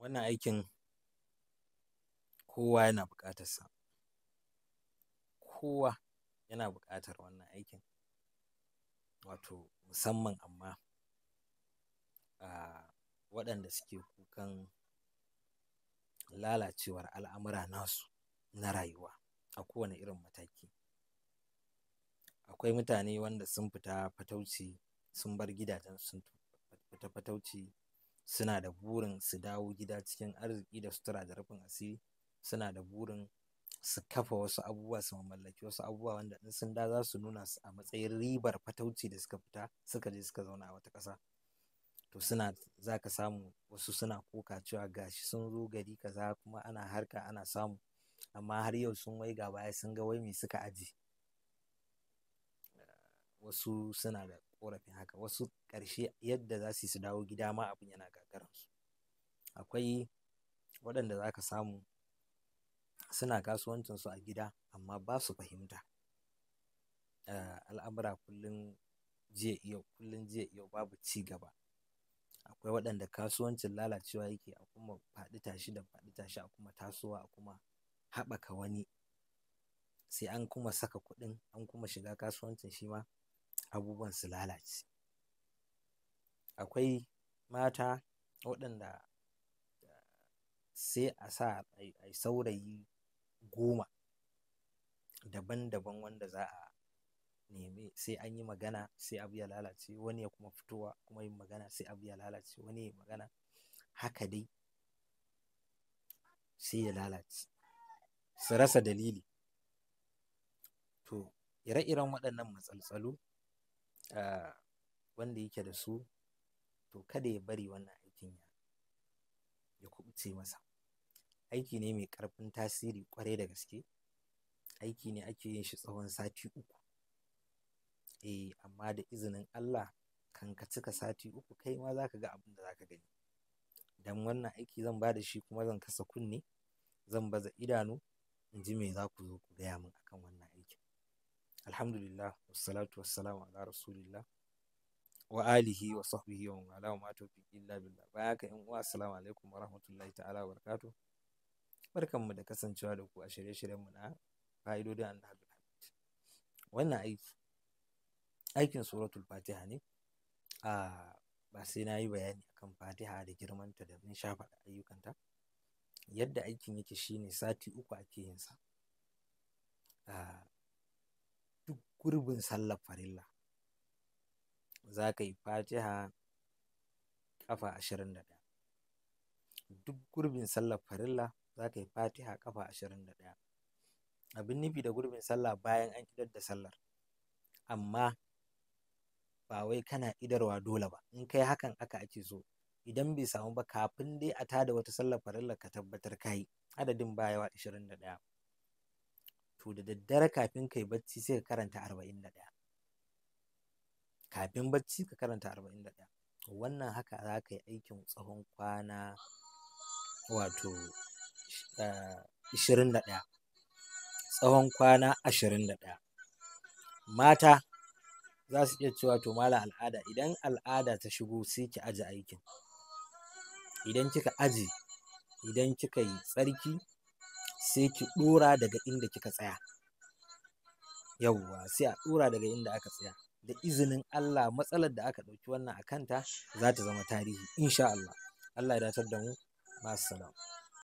wannan aikin kowa yana sa kowa yana buƙatar wannan aikin wato musamman amma a waɗanda suke kukan lalacewar al'amura nasu na rayuwa a kowane irin mataki akwai mutane wanda sun fita fatauci sun bar gidajen sun fita fatauci suna da burin su dawo gida cikin arziki da sutura da rufin asiri suna da burin su kafa wasu abubuwa su mallaki wasu abubuwa wanda in sun da za su nuna su a matsayin ribar fatauci da suka fita suka je suka zauna a wata ƙasa to suna za ka samu wasu suna koka cewa gashi sun zo gari kaza kuma ana harka ana samu amma har yau sun wai ga baya sun ga wai me suka aji wasu suna da korafin haka wasu ƙarshe yadda za su dawo gida ma abin yana gagaransu akwai waɗanda za ka samu suna kasuwancinsu a gida amma ba su fahimta eh, al'amura kullum jiya iyo kullum jiya iyo babu ci gaba akwai waɗanda kasuwancin lalacewa yake a kuma faɗi tashi da faɗi tashi a kuma tasowa a kuma haɓaka wani sai an kuma saka kuɗin an kuma shiga kasuwancin shi ma abubuwan su lalace akwai mata waɗanda eh, sai a sa a saurayi goma daban-daban wanda za a nemi sai an yi magana sai abu ya lalace wani ya kuma fitowa kuma yin magana sai abu ya lalace wani ya magana haka dai sai ya lalace su rasa dalili to ire-iren waɗannan matsaltsalu wanda yake da su to kada ya bari wannan aikin ya ya kubuce masa aiki ne mai karfin tasiri kwarai da gaske aiki ne ake yin shi tsawon sati uku eh amma da izinin Allah kan ka cika sati uku kai ma zaka ga abin da zaka gani dan wannan aiki zan ba da shi kuma zan kasa kunne zan baza idanu in ji me za ku zo ku gaya min akan wannan aikin alhamdulillah wassalatu wassalamu ala rasulillah wa alihi wa sahbihi wa wala wa mato fi illa billah baya ka yan uwa assalamu alaikum wa rahmatullahi ta'ala wa barakatuh mu da kasancewa da ku a shirye-shiryen mu na fa'idodin annabi wannan aiki aikin suratul fatiha ne a ba sai na yi bayani akan fatiha da girmanta da mun shafa da ayyukanta yadda aikin yake shine sati uku ake yin sa gurbin sallar farilla za ka yi fatiha kafa ashirin da ɗaya duk gurbin sallar farilla za ka yi fatiha kafa ashirin da ɗaya abin nufi da gurbin sallah bayan an idar da sallar amma ba wai kana idarwa dole ba in kai hakan aka ake so idan bai samu ba kafin dai a tada wata sallar farilla ka tabbatar ka yi adadin bayawa ashirin da ɗaya to da daddare kafin kai bacci sai ka karanta arba'in da ɗaya kafin bacci ka karanta arba'in da ɗaya wannan haka za ka yi aikin tsawon kwana wato eh, ishirin da ɗaya tsawon kwana ashirin da ɗaya mata za su iya cewa to mala al'ada idan al'ada ta shigo sai ki aji aikin idan kika aji idan kika yi tsarki sai ki ɗora daga inda kika tsaya yawwa sai a ɗora daga inda aka tsaya da izinin Allah matsalar da aka ɗauki wannan a kanta za ta zama tarihi insha Allah Allah ya datar da mu masu salam